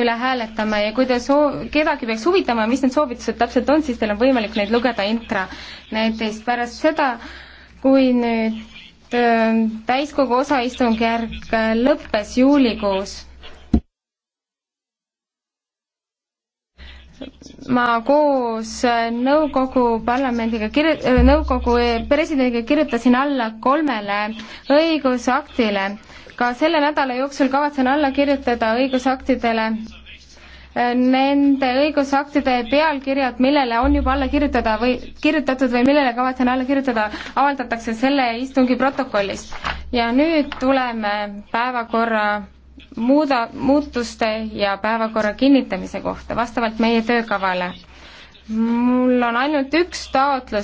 üle hääletama ja kui te soo-, kedagi peaks huvitama, mis need soovitused täpselt on, siis teil on võimalik neid lugeda intra näiteks pärast seda, kui nüüd ähm, täiskogu osaistungjärk äh, lõppes juulikuus ma koos äh, nõukogu parlamendiga kir-, äh, nõukogu presidendiga kirjutasin alla kolmele õigusaktile ka selle nädala jooksul kavatsen alla kirjutada õigusaktidele nende õigusaktide pealkirjad, millele on juba alla kirjutada või kirjutatud või millele kavatsen alla kirjutada, avaldatakse selle istungi protokollis. ja nüüd tuleme päevakorra muuda, muutuste ja päevakorra kinnitamise kohta vastavalt meie töökavale. mul on ainult üks taotlus